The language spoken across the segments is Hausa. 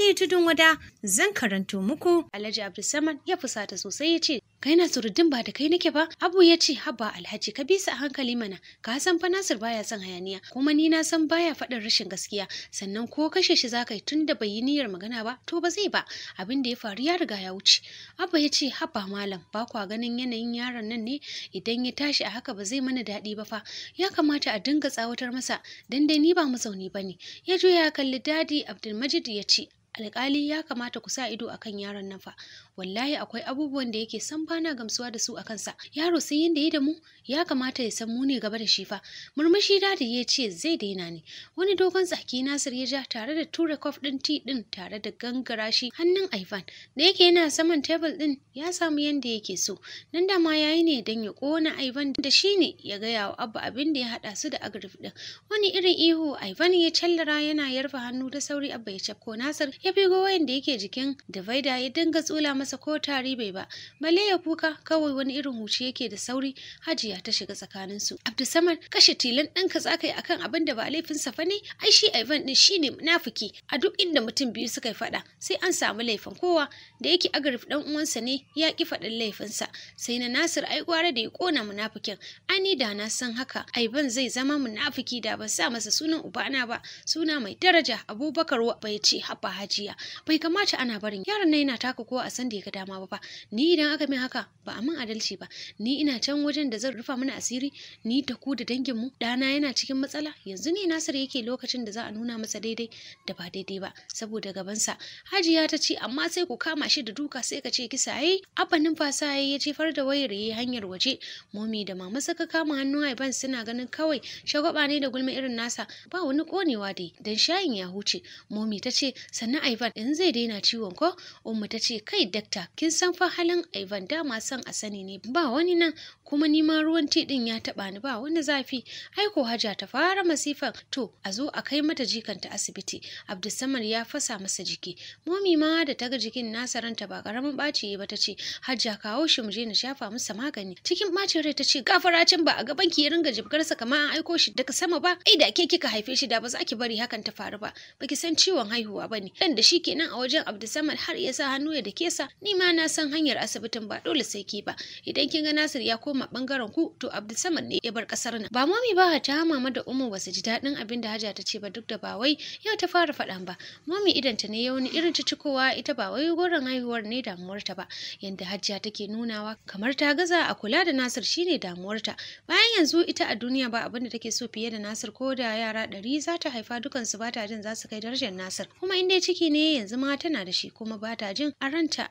ne Tudun Wada zan karanto muku. Alhaji Abdulsaman ya fusata sosai ya ce kai na surudin ba da kai nake ba abu ya ce haba alhaji ka bisa a hankali mana ka san fa nasir baya son hayaniya kuma ni na san baya faɗin rashin gaskiya sannan ko kashe shi zaka yi tun da bai yi niyyar magana ba to ba zai ba abin da ya faru ya riga ya wuce Abu ya ce haba malam ba kwa ganin yanayin yaron nan ne idan ya tashi a haka ba zai mana daɗi ba fa ya kamata a dinga tsawatar masa dan dai ni ba mazauni ba ne ya juya ya kalli dadi abdulmajid ya ce alƙali ya kamata ku sa ido akan yaron nan fa wallahi akwai abubuwan da yake san bana gamsuwa da su akansa kansa. yaro sai yanda yi da mu ya kamata ya san mu ne gaba da shi fa murmushi da ya ce zai daina ne wani dogon tsaki nasir ya ja tare da tura kwaf din ti din tare da gangara shi hannun ivan da yake yana saman tebul din ya samu yanda yake so nan da ma yayi ne dan ya kona ivan da shi ne ya gaya wa abba abin da ya hada su da agrif din wani irin ihu ivan ya callara yana yarfa hannu da sauri abba ya cafko nasir ya bigo wayan da yake jikin divider ya dinga tsula masa ko tari bai ba balle ya kuka kawai wani irin huci yake da sauri hajiya da ta shiga tsakaninsu. Abdulsaman, kashe tilan ɗanka za ka yi akan abin da ba laifinsa fa ne? Ai shi Ivan ɗin shi ne munafiki. A duk inda mutum biyu suka yi faɗa sai an samu laifin kowa da yake agarif ɗan uwansa ne ya ƙi faɗin laifinsa. Sai na Nasir ai gwara da ya ƙona munafikin. Ani da na san haka Ivan zai zama munafiki da ba sa masa sunan ubana ba suna mai daraja Abubakar bai ce haba hajiya. Bai kamata ana barin yaron na yana taka kowa a san da ya ga dama ba Ni idan aka min haka ba a min adalci ba. Ni ina can wajen da zan rufa mana asiri ni da ku da dangin mu ɗana yana cikin matsala yanzu ne Nasir yake lokacin da za a nuna masa daidai da ba daidai ba saboda gabansa Hajiya ta ce amma sai ku kama shi da duka sai ka ce kisa yayi abba numfasa yayi ya jefar da wayar yayi hanyar waje momi da mama suka kama hannu Ivan suna ganin kawai shagwaba ne da gulma irin nasa ba wani konewa dai dan shayin ya huce momi ta ce sannan Ivan in zai daina ciwon ko umma ta ce kai dakta kin san fa halin Ivan dama san a sani ne ba wani nan kuma ni ma ruwan ti din ya taba ni ba wani zafi ai ko haja ta fara masifan to a zo a kai mata jikanta asibiti abdulsamad ya fasa masa jiki momi ma da ta ga jikin nasa ranta ba karamin ɓaci ba ta ce hajja kawo shi mu je na shafa masa magani cikin ɓacin rai ta ce gafaracin ba a gaban ki ya ringa jibgarsa kamar an aiko shi daga sama ba ai da ke kika haife shi da ba za ki bari hakan ta faru ba baki san ciwon haihuwa ba ne dan da shi kenan a wajen abdulsamad har ya sa hannu ya da sa ni ma na san hanyar asibitin ba dole sai ki ba idan kin ga nasir ya koma bangaren ku uku to Abdulsamad ne ya bar kasar nan ba mami ba ta mama da umu ba su ji daɗin abin da Hajiya ta ce ba duk da ba wai yau ta fara faɗan ba mami ta ne ya wani irin cikowa ita ba wai gurin haihuwar ne damuwarta ba yanda Hajiya take nunawa kamar ta gaza a kula da Nasir shine damuwarta bayan yanzu ita a duniya ba abin da take so fiye da Nasir ko da yara ɗari za ta haifa dukansu ba ta jin za su kai darajar Nasir kuma in dai ciki ne yanzu ma tana da shi kuma ba ta jin a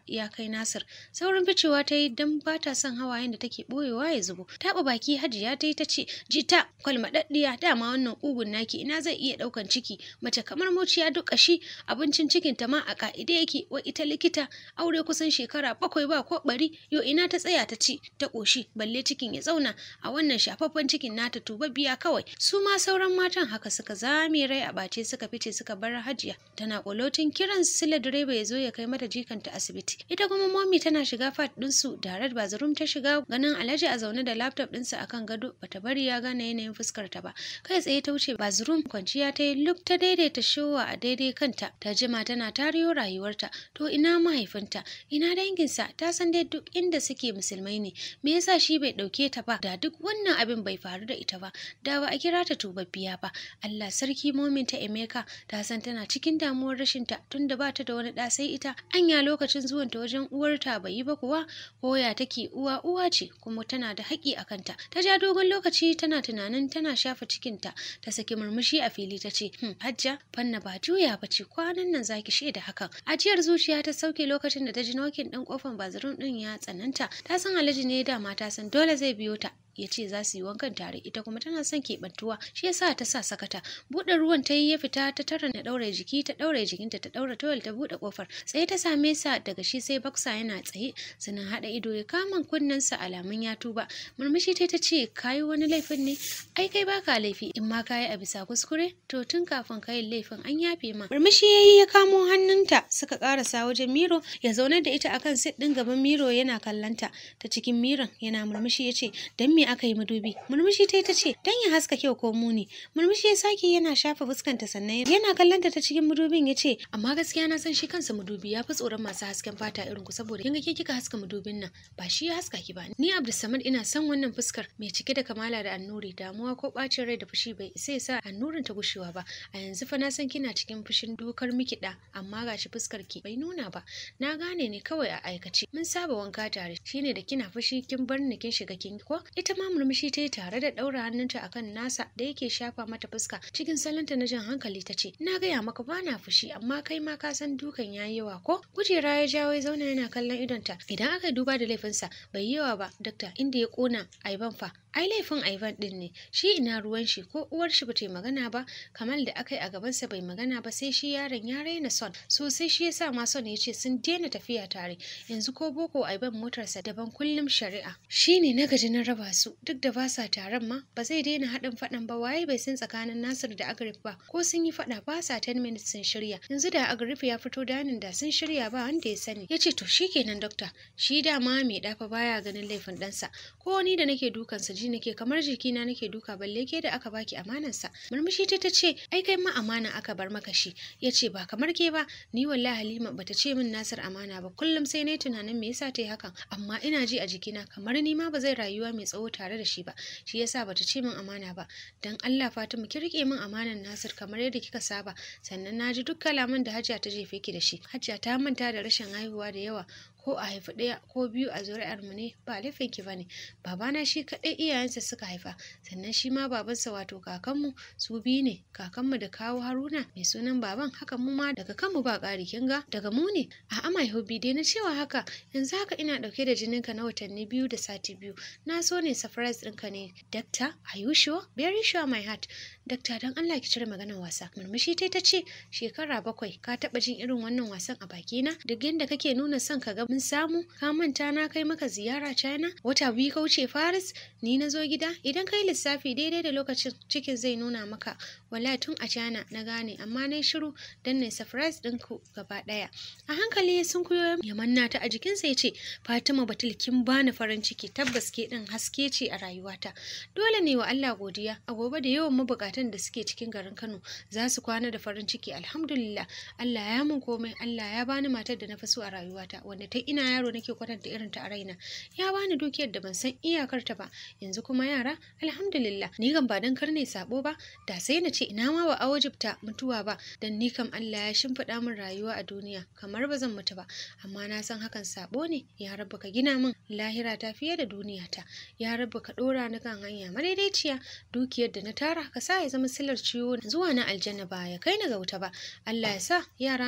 ya kai Nasir saurin ficewa ta yi don ba ta son hawayen da take boyewa ya zubo taɓa baki hajiya ta yi ta ce ji ta kwalmaɗaɗɗiya dama wannan ƙugun naki ina zai iya ɗaukan ciki mace kamar muciya duk ƙashi abincin cikin ta ma a ka'ide yake wa ita likita aure kusan shekara bakwai ba ko ɓari yo ina ta tsaya ta ce ta ƙoshi balle cikin ya zauna a wannan shafaffen cikin nata biya kawai su ma sauran matan haka suka zame rai a ɓace suka fice suka bar hajiya tana ƙolotin kiran sila direba ya zo ya kai mata jikanta asibiti ita kuma momi tana shiga fat ɗinsu da ba bazarum ta shiga ganin alhaji a zaune da laptop ɗinsa kan gado bata bari ya gane yanayin fuskar ta ba kai tsaye ta wuce bathroom kwanciya ta yi luk ta daidaita showa a daidai kanta ta jima tana tariyo rayuwarta to ina mahaifinta ina danginsa ta san dai duk inda suke musulmai ne me yasa shi bai ɗauke ta ba da duk wannan abin bai faru da ita ba da ba a kira ta tubabbiya ba Allah sarki momin ta Emeka ta san tana cikin damuwar rashin ta tunda ba ta da wani ɗa sai ita anya lokacin zuwanta wajen uwarta bai yi ba kuwa koya take uwa uwa ce kuma tana da haƙƙi a kanta ta ja dogon lokaci tana tunanin tana shafa cikinta ta saki murmushi a fili ta ce hmm, hajja fanna ba juya ba ce kwanan nan zaki da hakan ajiyar zuciya ta sauke lokacin da ta ji nokin ɗan kofan bazirin ɗin ya tsananta ta san alhaji ne da mata san dole zai biyo ta ya ce za su yi wankan tare ita kuma tana son keɓantuwa shi yasa ta sa sakata buɗe ruwan ta yi ya fita ta tara na ɗaure jiki ta ɗaure jikinta ta ɗaura towel ta buɗe ƙofar tsaye ta same sa daga shi sai baksa yana tsaye sannan haɗa ido ya kama sa alamun ya tuba murmushi ta ce kayi wani laifin ne ai kai baka laifi in ma yi a bisa kuskure to tun kafin kayin laifin an yafe ma murmushi ya yi ya kamo hannunta suka karasa wajen miro ya zaune da ita akan sit ɗin gaban miro yana kallanta ta cikin miron yana murmushi ya ce dan me aka yi madubi murmushi ta yi ta ce dan ya haska kyau ko muni murmushi ya sake yana shafa fuskanta sannan yana kallon ta cikin madubin ya ce amma gaskiya na san shi kansa madubi ya fi tsoron masu hasken fata irin ku saboda kin ga ke kika haska madubin nan ba shi ya haska ki ba ni Abdulsamad ina son wannan fuskar mai cike da kamala da annuri damuwa ko bacin rai da fushi bai isa ya sa annurin ta gushewa ba a yanzu fa na san kina cikin fushin dokar mikida amma gashi fuskar ki bai nuna ba na gane ne kawai a aikace mun saba wanka tare shine da kina fushi kin bar ni kin shiga kin ko ita ma murmushi ta yi tare da ɗaura hannunta akan nasa da yake shafa mata fuska cikin salonta na jan hankali ta ce na gaya maka ba na fushi amma kai ma ka san dukan ya yi yawa ko kujera ya jawo ya zauna yana kallon idonta idan aka duba da laifinsa bai yi yawa ba dakta inda ya kona aiban fa ai laifin aiban din ne shi ina ruwan shi ko uwar shi bata magana ba kamal da aka yi a gabansa bai magana ba sai shi yaron ya raina son sosai shi yasa ma son ya ce sun daina tafiya tare yanzu ko boko aiban motarsa daban kullum shari'a shine na gaji na raba su duk da ba sa taron ma ba zai daina haɗin faɗan ba waye bai san tsakanin Nasir da Agrif ba ko sun yi faɗa ba sa 10 minutes sun shirya yanzu da Agrif ya fito danin da sun shirya ba wanda ya sani ya ce to shikenan dokta shi dama mai dafa baya ganin laifin ɗansa ko ni da nake dukan sa ji nake kamar jikina nake duka balle ke da aka baki amanar sa murmushi ta ta ce ai kai ma amana aka bar maka shi ya ce ba kamar ke ba ni wallahi Halima bata ce min Nasir amana ba kullum sai na tunanin me yasa ta yi hakan amma ina ji a jikina kamar ni ma ba zai rayuwa mai tsawo tare da shi ba shi yasa bata ce min amana ba dan Allah Fatima ki rike min amanan Nasir kamar yadda kika saba sannan naji duk kalaman da Hajiya ta jefe ki da shi Hajiya ta manta da rashin haihuwa da yawa ko a haifi ɗaya ko biyu a zuri'ar mu ne ba laifin ki ne? babana shi kaɗai iyayensa suka haifa sannan shi ma babansa wato kakanmu su biyu ne kakanmu da kawo haruna mai sunan baban haka mu ma daga kanmu ba ƙari kin ga daga mu ne a'a mai hobi dai na cewa haka yanzu haka ina ɗauke da jininka na watanni biyu da sati biyu na so ne surprise ɗinka ne dakta are you sure very sure my heart dakta don Allah ki cire maganar wasa murmushi tai ta ce shekara bakwai ka taɓa jin irin wannan wasan a baki na duk yadda kake nuna son ka ga mun mun samu ka manta na kai maka ziyara China wata biyu wuce Faris, ni na zo gida idan kai lissafi daidai da lokacin cikin zai nuna maka wala tun a China na gane amma na shiru dan na surprise ɗinku gaba ɗaya a hankali ya sun kuyo ya nata a jikinsa ya ce Fatima Batul kin bani farin ciki tabbas ke ɗin haske ce a rayuwata dole ne wa Allah godiya a gobe da yawan mabukatan da suke cikin garin Kano za su kwana da farin ciki alhamdulillah Allah ya mun komai Allah ya bani matar da na fi so a rayuwata wanda ta kai ina yaro nake kwatanta irin ta a raina ya bani dukiyar da ban san iyakar ta ba yanzu kuma yara alhamdulillah ni kan ba dan karne sabo ba da sai na ce ina ma ba a awajibta mutuwa ba dan ni kam Allah ya shimfiɗa min rayuwa a duniya kamar ba zan mutu ba amma na san hakan sabo ne ya rabu ka gina min lahira ta fiye da duniya ta ya rabu ka dora ni kan hanya madaidaiciya dukiyar da na tara ka sa ya zama sillar ciwo zuwa na aljanna ba ya kai na ga ba Allah ya sa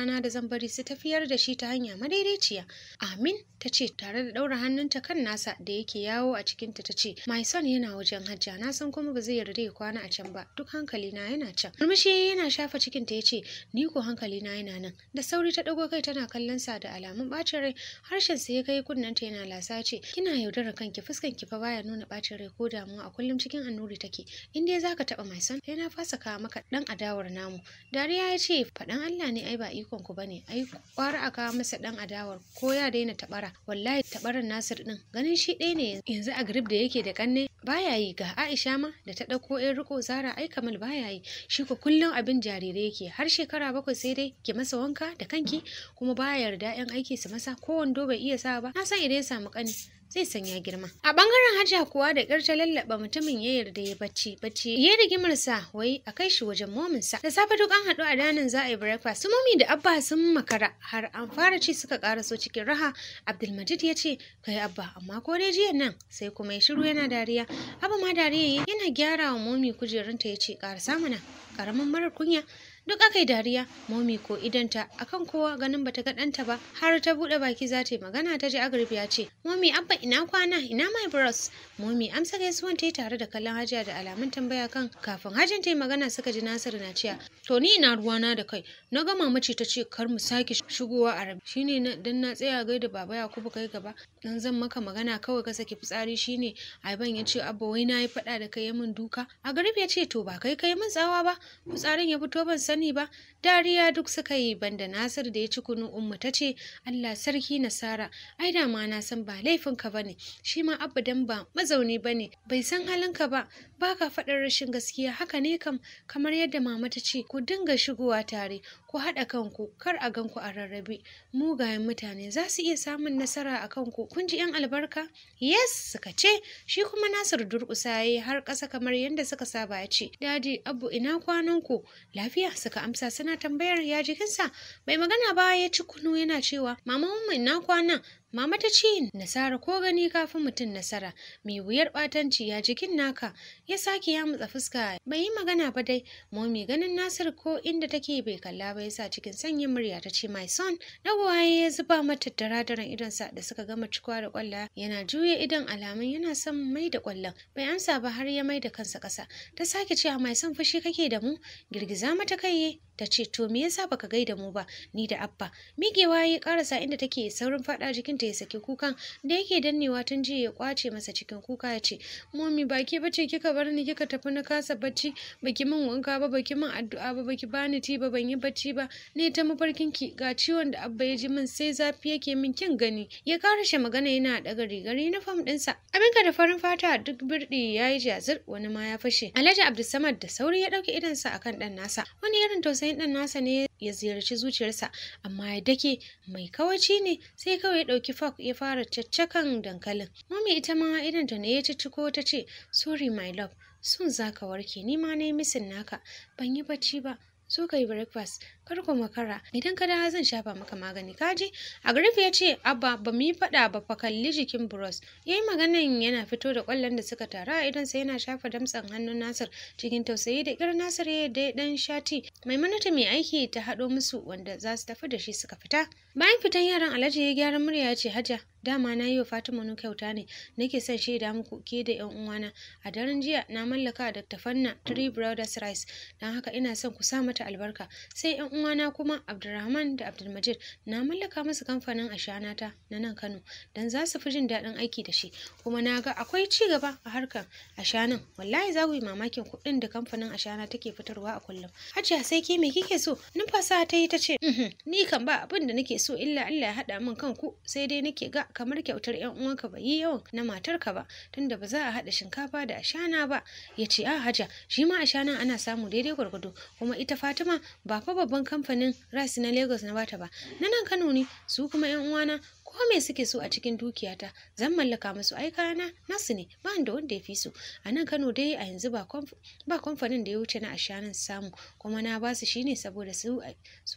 na da zan bari su tafiyar da shi ta hanya madaidaiciya Amin ta ce tare da ɗaura hannunta kan nasa da yake yawo a cikinta ta ce my son yana wajen hajja na san kuma ba zai yarda ya kwana a can ba duk hankali na yana can. Murmushi yana shafa cikinta ya ce ni ko hankali na yana nan da sauri ta ɗago kai tana kallon sa da alamun ɓacin rai harshen sa ya kai kunnenta yana lasa ce kina yaudarar kanki fuskan ki fa baya nuna ɓacin rai ko damuwa a kullum cikin annuri take in dai zaka taɓa my son sai na fasa kawo maka ɗan adawar namu. Dariya ya ce faɗan Allah ne ai ba ikon ku bane ai kwara a kawo masa ɗan adawar ko ya daina tabara wallahi tabaran Nasir din ganin shi ɗaya ne yanzu a grip da yake da kanne baya yi ga Aisha ma da ta ɗauko ‘yan riko Zara ai Kamal baya yi shi ko kullum abin jarirai yake har shekara bakwai sai dai ki masa wanka da kanki kuma baya yarda ‘yan aiki su masa ko wando bai iya sa ba na san idan ya samu ƙani zai sanya girma. A ɓangaren Hajiya kuwa da ƙyar ta mutumin ya yarda ya bacci bacci ya rigimar sa wai a kai shi wajen momin sa. Da safe duk an haɗu a danin za a yi breakfast. Su mami da Abba sun makara har an fara ci suka ƙaraso cikin raha. Abdulmajid ya ce kai Abba amma ko dai jiya nan sai kuma ya shiru yana dariya. Abba ma dariya yana gyara wa momi kujerunta ya ce ƙara samuna ƙaramin marar kunya duk aka yi dariya momi ko idanta akan kowa ganin bata ga ɗanta ba har ta buɗe baki za ta yi magana ta ji agrib ya ce momi abba ina kwana ina my bros momi amsa gaisuwan ta yi tare da kallon hajiya da alamun tambaya kan kafin hajin ta yi magana suka ji nasiru na ciya to ni ina ruwa na da kai na gama mace ta ce kar mu sake shigowa a rabi shine dan na tsaya gaida baba yakubu kai gaba dan zan maka magana kawai ka saki fitsari shine aiban ya ce abba wai na yi faɗa da kai ya min duka agrib ya ce to ba kai yi min tsawa ba fitsarin ya fito ban sani ba dariya duk suka yi banda nasir da ya ci kunu, ummu ta ce allah sarki nasara ai da ma na san ba laifinka ba ne shi ma abba ba mazauni ba ne bai san halinka ba ba ka faɗin rashin gaskiya haka ne kam kamar yadda mama ta ce ku dinga shigowa tare ku haɗa kanku kar a ganku a rarrabe mugayen mutane za su iya samun nasara a kanku kun ji 'yan albarka yes suka ce shi kuma nasiru durƙusa ya yi har ƙasa kamar yadda suka saba ya ce daji abu ina kwananku lafiya suka amsa suna tambayar ya jikinsa Mai magana ba ya ci kunu yana cewa mama ina kwana Mama ta ce, Nasara ko gani kafin mutum nasara, mai wuyar ɓatanci ya jikin naka, ya sake ya mutsa fuska, bai yi magana ba dai, momi ganin Nasir ko inda take bai kalla ba yasa cikin sanyin murya ta ce, My son, waye ya zuba mata daradaran idonsa da suka gama cikuwa da kwalla yana juya idan alamun yana son mai da kwallon, bai amsa ba har ya mai da kansa ƙasa. Ta sake cewa, mai son fushi kake da mu, girgiza mata kai ta ce, To me yasa baka gaida mu ba, ni da Abba. Migewa ya karasa inda take saurin faɗa jikin ta ya saki kukan da yake dannewa tun jiya ya kwace masa cikin kuka ya ce momi ba ke bace kika bar ni kika tafi na kasa bacci baki min wanka ba baki min addu'a ba baki bani ti ba ban yi bacci ba ne ta mafarkin ki ga ciwon da abba ya ji min sai zafi yake min kin gani ya karashe magana yana daga rigar uniform dinsa abinka da farin fata duk birɗi ya yi jazir wani ma ya fashe alhaji abdulsamad da sauri ya ɗauki a akan dan nasa wani irin tausayin ɗan nasa ne ya ziyarci zuciyarsa amma ya dake mai kawaci ne sai kawai ya ɗauki ki fa ya fara caccakan dankalin. Mami ita ma idan ta ne ya cicciko ta ce, "Sorry my love, sun zaka warke, ni ma na yi misin naka, ban yi bacci ba, so ka yi breakfast kar ku makara idan ka dawo zan shafa maka magani kaji a garif ya ce abba ba mu yi faɗa ba fa kalli jikin bros ya yi maganan yana fito da ƙwallon da suka tara a sai sa yana shafa damtsan hannun nasir cikin tausayi da ƙir nasir ya dai dan shati mai maimunatu mai aiki ta haɗo musu wanda za su tafi da shi suka fita bayan fitan yaran alhaji ya gyara murya ya ce hajja dama na yi wa Fatima nu kyauta ne nake son shaida muku ke da yan uwana a daren jiya na mallaka da tafanna Three Brothers Rice dan haka ina son ku sa mata albarka sai yan uwana kuma abdulrahman da abdulmajid na mallaka musu kamfanin ashana ta na nan kano dan za su fi jin daɗin aiki da shi kuma na ga akwai ci gaba a harkar ashanan wallahi za ku yi mamakin kuɗin da kamfanin ashana take fitarwa a kullum hajiya sai ke me kike so numfasa ta yi ta ce uhm, ni kan ba abin da nake so illa allah ya haɗa min kanku sai dai nake ga kamar kyautar yan uwanka ba yi yawan na matarka ba tunda ba za a haɗa shinkafa da ashana ba ya ce a hajiya shi ma ashanan ana samu daidai gwargwado kuma ita fa Fatima ba fa babban kamfanin Rice na Lagos na bata ba. Na nan Kano ne su kuma 'yan uwana ko me suke so a cikin dukiyata zan mallaka musu ai kayana nasu ne ba da wanda ya fi su a nan Kano dai a yanzu ba kamfanin da ya wuce na ashanin samu kuma na ba su shine saboda su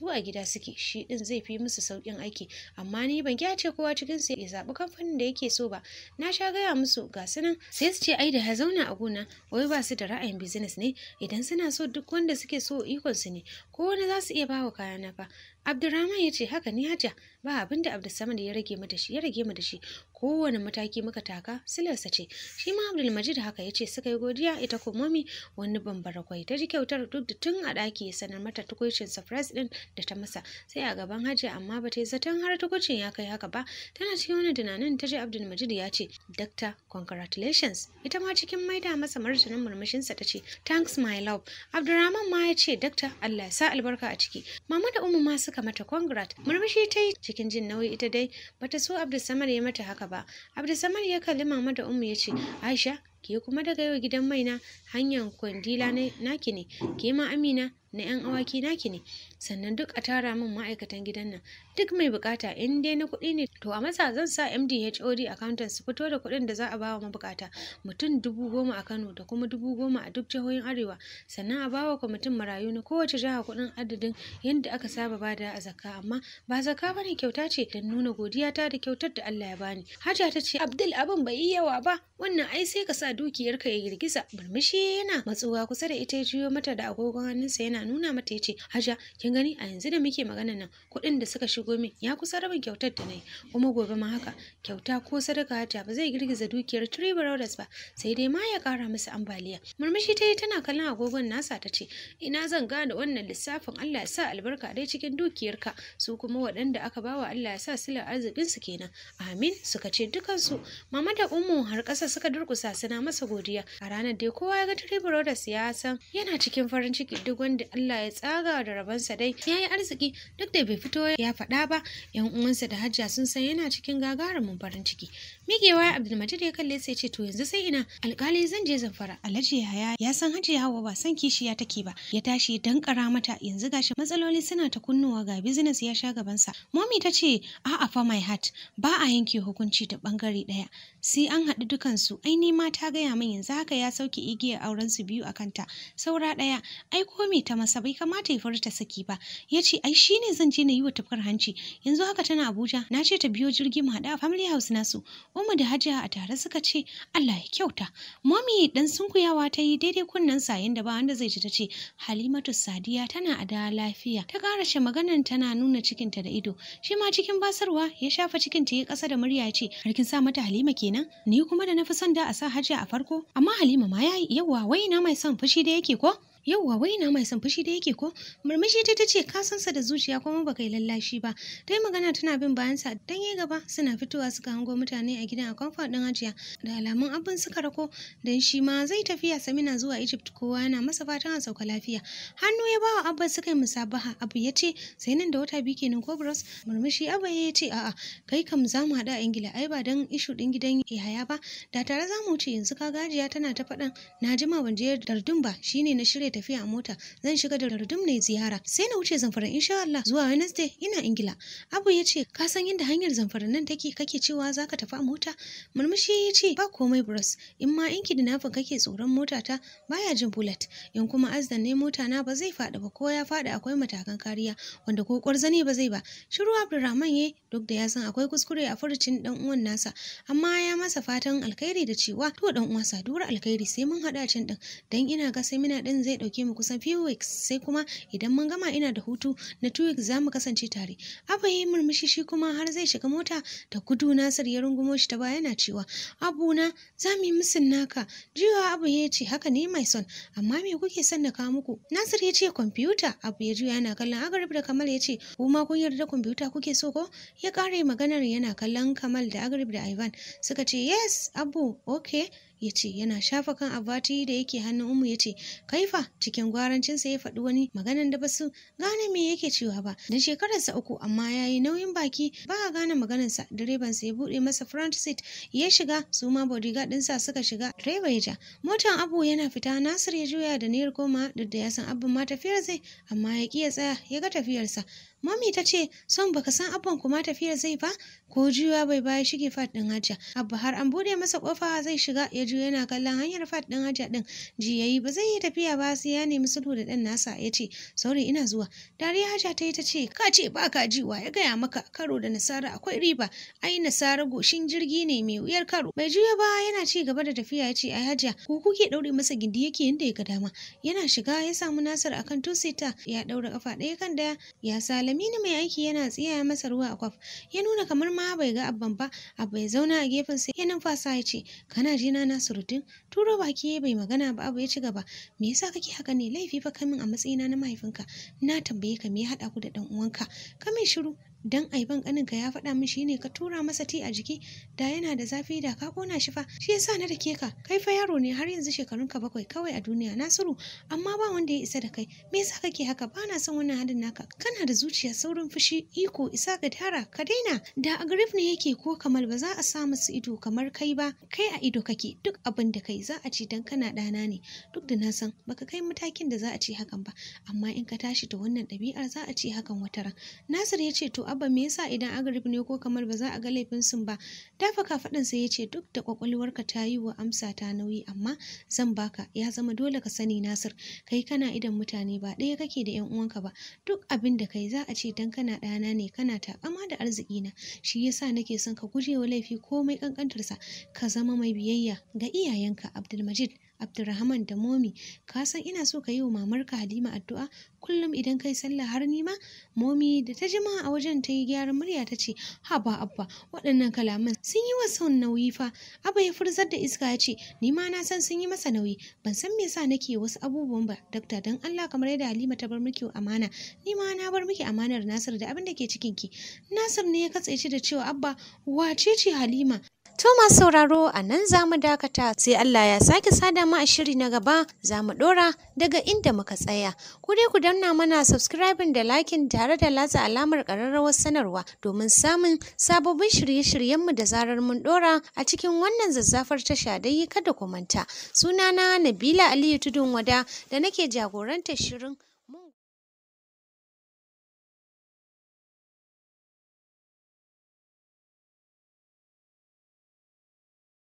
a gida suke shi din zai fi musu saukin aiki amma ni ban ce kowa cikin su ya zaɓi kamfanin da yake so ba na sha gaya musu ga su nan sai su ce ai da ya zauna a gona wai ba su da ra'ayin bizines ne idan suna so duk wanda suke so ikon su ne ko wani za su iya bawa kayana fa Abdurrahman ya ce haka ne haja ba abin da Abdulsamad ya rage mata shi ya rage mu da shi kowane mataki muka taka silarsa ce shi ma Abdulmajid haka ya ce suka yi godiya ita ko mami wani bambara kwai ta ji kyautar duk da tun a ɗaki ya sanar mata tukucin surprise din da ta masa sai a gaban hajiya amma ba ta yi zaton har tukucin ya kai haka ba tana cikin wani tunanin ta ji Abdulmajid ya ce doctor congratulations ita ma cikin maida masa martanin murmushinsa ta ce thanks my love Abdulrahman ma ya ce doctor Allah ya sa albarka a ciki mama da Umma ma suka suka mata congrat murmushi ta yi cikin jin nauyi ita dai bata so Abdulsamar ya mata haka ba Abdulsamar ya kalli mama da Ummu ya ce Aisha ke kuma daga yau gidan mai na hanyar kwandila naki ne ke ma Amina na 'yan mm. awaki naki ne sannan duk a tara min ma'aikatan gidan nan duk mai bukata in dai na kuɗi ne to a masa zan sa mdhod accountant su fito da kuɗin da za a bawa mabukata mutum dubu goma a kano da kuma dubu goma a duk jihohin arewa sannan a bawa kwamitin marayu na kowace jiha kuɗin adadin yadda aka saba bada a zakka amma ba zakka bane kyauta ce don nuna godiyata da kyautar da Allah ya bani hajja ta ce abdul abin bai yi yawa ba wannan ai sai ka sa dukiyarka ya girgiza murmushi yana matsuwa kusa da ita ya juyo mata da agogon hannunsa yana nuna mata ya ce haja kin gani a yanzu da muke magana nan kuɗin da suka shigo min ya kusa rabin kyautar da na kuma gobe ma haka kyauta ko sadaka ta ba zai girgiza dukiyar Tree Brothers ba sai dai ma ya kara musu ambaliya murmushi ta yi tana kallon agogon nasa ta ce ina zan gane wannan lissafin Allah ya sa albarka dai cikin ka su kuma waɗanda aka bawa Allah ya sa silar arzikin su kenan amin suka ce dukansu mama da ummu har kasa suka durƙusa suna masa godiya a ranar dai kowa ya ga Tree Brothers ya san yana cikin farin ciki duk wanda Allah ya tsaga da rabansa dai ya yi arziki duk da bai fito ya faɗa ba yan uwansa da hajja sun san yana cikin gagarumin farin ciki migewa Abdulmajid ya kalle sai ce to yanzu sai ina alkali zan je zamfara Alhaji yaya ya san Hajiya hawa ba san kishiya take ba ya tashi dan kara mata yanzu gashi matsaloli suna ta kunnuwa ga business ya sha gabansa momi ta ce a'a fa my heart ba a yanke hukunci ta bangare daya sai an haɗu dukansu ai ni ma ta gaya min yanzu haka ya sauke igiyar auren su biyu a kanta saura daya ai ko ta masa bai kamata ya furta saki ba ya ce ai shi ne zan je na yi wa tafkar hanci yanzu haka tana abuja na ce ta biyo jirgi mu haɗa a family house nasu umu da hajiya a tare suka ce allah ya kyauta mami dan sunkuyawa ta yi daidai kunnen sa yanda ba wanda zai ji ta ce halimatu sadiya tana a da lafiya ta karashe maganar tana nuna cikinta da ido shi ma cikin basarwa ya shafa cikin ta ya ƙasa da murya ya ce harkin sa mata halima kenan ni kuma da na fi son da a sa hajiya a farko amma halima ma ya yawa wai na mai son fushi da yake ko yauwa wai na mai son fushi da yake ko murmushi ta tace ka san sa da zuciya kuma baka yi lallashi ba dai magana tana bin bayan sa dan yi gaba suna fitowa suka hango mutane a gidan a kwamfa din hajiya da alamun abin suka rako dan shi ma zai tafiya samina zuwa Egypt kowa yana masa fatan a sauka lafiya hannu ya bawa abba suka yi musabaha abu ya ce sai nan da wata biyu kenan ko bros murmushi abu ya ce a'a kai kam za mu haɗu a Ingila ai ba dan ishu din gidan Yahaya ba da tare za mu wuce yanzu ka gajiya tana ta faɗan na jima ban je dardun ba shine na shirya tafiya a mota zan shiga da rudum ne ziyara sai na wuce zamfara insha Allah zuwa Wednesday ina Ingila Abu ya ce ka san inda hanyar zamfara nan take kake cewa zaka tafi a mota murmushi ya ce ba komai bros in ma in nafa kake tsoron mota ta baya jin bullet in kuma azdan ne mota na ba zai fada ba ko ya faɗi akwai matakan kariya wanda ko kwarzane ba zai ba shiru Abdulrahman ya duk da ya san akwai kuskure a furucin dan uwan nasa amma ya masa fatan alkhairi da cewa to dan uwa saduwar alkhairi sai mun hada can din dan ina ga sai muna din zai ɗauke mu kusan few weeks sai kuma idan mun gama ina da hutu na two weeks za mu kasance tare abu ya yi murmushi shi kuma har zai shiga mota da gudu nasir ya rungumo shi ta baya na cewa abuna za mu yi musun naka jiwa abu ya ce haka ne mai son amma me kuke son na kawo muku nasir ya ce kwamfuta abu ya juya yana kallon agarib da kamal ya ce kuma kun yarda kwamfuta kuke so ko ya kare maganar yana kallon kamal da agarib da ivan suka ce yes abu okay ya ce yana shafa kan abati da yake hannun umu ya ce kaifa cikin gwarancinsa ya faɗi wani maganan da basu gane me yake cewa ba da shekararsa uku amma ya yi nauyin baki ba a gane maganarsa direbansa ya buɗe masa front seat ya shiga su ma bodyguard ɗinsa suka shiga direba ya ja motan abu yana fita nasir ya juya da niyyar koma duk da ya san abin ma tafiyar zai amma ya ƙi ya tsaya ya ga tafiyarsa Mami ta ce, son baka san abban kuma tafiyar zai ba? Ko juya bai baya shige fat ɗin hajiya. Abba har an bude masa kofa zai shiga ya juya yana kallon hanyar fat din hajiya din Ji ya ba zai yi tafiya ba sai ya nemi sulhu da ɗan nasa ya ce, sauri ina zuwa. Dariya hajiya ta yi ta ce, ka ce ba ka jiwa ya gaya maka karo da nasara akwai riba. Ai nasara goshin jirgi ne mai wuyar karo. Bai juya ba yana ci gaba da tafiya ya ce, ai hajiya ko kuke ɗaure masa gindi yake yanda ya ga dama. Yana shiga ya samu nasar akan tusita ya ɗaura kafa ɗaya kan daya ya salami Aminu mai aiki yana tsiyaya masa ruwa a kwaf. Ya nuna kamar ma bai ga abban ba, abba ya zauna a gefen sai ya numfasa ya ce, "Kana jina na surutun?" Turo baki bai magana ba abu ya ci gaba. Me yasa kake haka ne? Laifi fa kamin a matsayina na mahaifinka. Na tambaye ka me ya haɗa ku da ɗan uwanka? ka mai shiru dan aiban ƙaninka ya faɗa min ne, ka tura masa ti a jiki da yana da zafi da ka kona shi fa shi yasa na dake ka kai fa yaro ne har yanzu shekarunka bakwai kawai a duniya nasiru amma ba wanda ya isa da kai me yasa kake haka ba na son wannan halin naka kana da zuciya saurin fushi iko isa ga tara ka daina da a grif ne yake ko kamar. ba za a sa masu ido kamar kai ba kai a ido kake duk abin da kai za a ci dan kana ɗana ne duk da na san baka kai matakin da za a ci hakan ba amma in ka tashi da wannan ɗabi'ar za a ci hakan wata nasir ya ce to abba me yasa idan agrib ne ko kamar ba za a ga laifin sun ba dafa kafaɗansa ya ce duk da kwakwalwarka ta yi wa amsa ta nauyi amma zan baka ya zama dole ka sani nasir kai kana idan mutane ba ɗaya kake da yan uwanka ba duk abin da kai za a ce dan kana ɗana ne kana taƙama da arziki na shi yasa nake son ka gujewa laifi komai ƙanƙantarsa? ka zama mai biyayya ga iyayenka abdulmajid Abdurrahman da Momi, ka san ina so ka yi wa mamarka Halima addu'a kullum idan kai sallah har ni ma Momi da ta jima a wajen ta yi gyaran murya ta ce, Haba Abba, waɗannan kalaman sun yi wa son nauyi fa. Abba ya furzar da iska ya ce, Ni ma na san sun yi masa nauyi, ban san me sa nake wasu abubuwan ba, dakta dan Allah kamar yadda Halima ta bar miki amana, ni ma na bar miki amanar Nasir da abin da ke cikin ki Nasir ne ya katse shi da cewa Abba, wace ce Halima? To masu sauraro a nan za mu dakata sai Allah ya sake sada mu a shiri na gaba za mu ɗora daga inda muka tsaya. Ku dai ku danna mana subscribing da lakin tare da latsa alamar ƙararrawar sanarwa domin samun sababbin shirye-shiryenmu da zarar mun ɗora a cikin wannan zazzafar tasha dai kada ku manta. Sunana Nabila Aliyu Tudun Wada da nake jagorantar shirin.